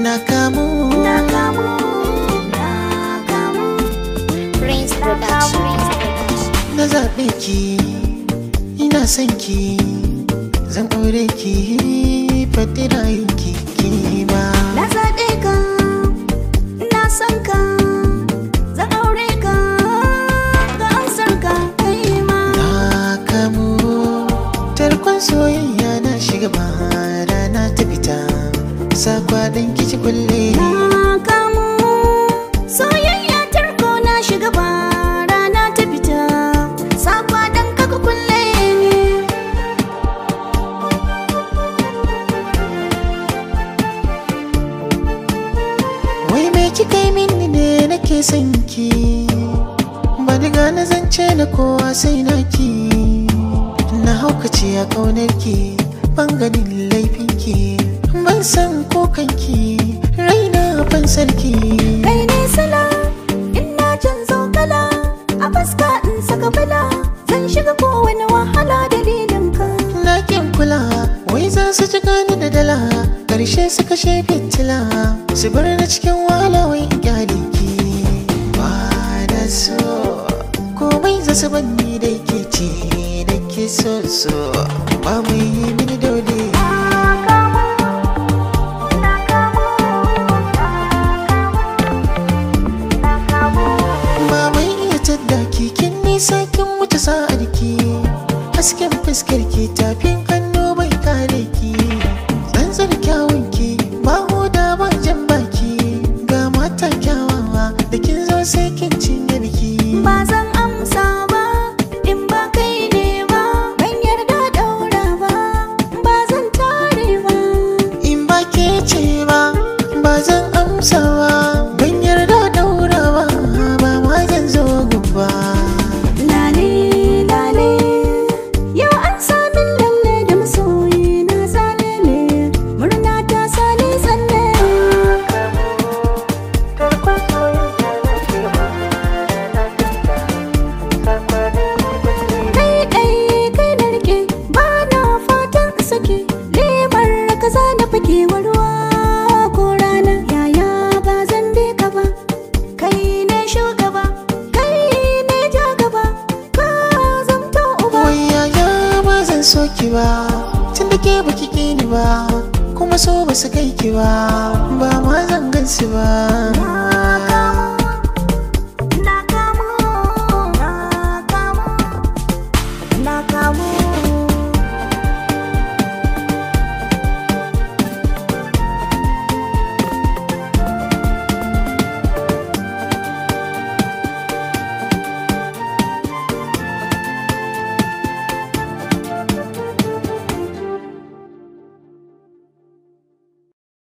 na kamu na kamu na kamu Prince production na zaɓe ina son ki zan aure ki faɗi ki ki ma sa kwaɗin kici kulle na kamu soyayya tarko na shiga ba rana ta fita sa kwaɗin kaka kulle wai me kika yi mini ne nake son ki ba diga na zance na kowa sai naki na haukace a kaunar ki ban ganin laifinki ban san ko kanki raina ban sarki kai ne sala ina jin zokala a fuska in saka bala zan shiga kowane wahala dalilin ka na kin kula wai za su ci gani da dala karshe su kashe fitila su bar na cikin wahala wai kyale ki ba da so komai za su ni da ke ce da ke so so ba mu yi mini da hasken fuskar ki tafin hannu bai kare ki zanzar kyawun ki ba da ba jan baki ga mata kyawawa da kin zo sai kin cinye biki ba zan amsa ba in ba kai ne ba ban yarda daura ba ba zan tare ba in ba ke ce ba ba zan amsa ba so ki ba tun da ke baki ke ni ba kuma so ba su kai ki ba ba ma zan gan ba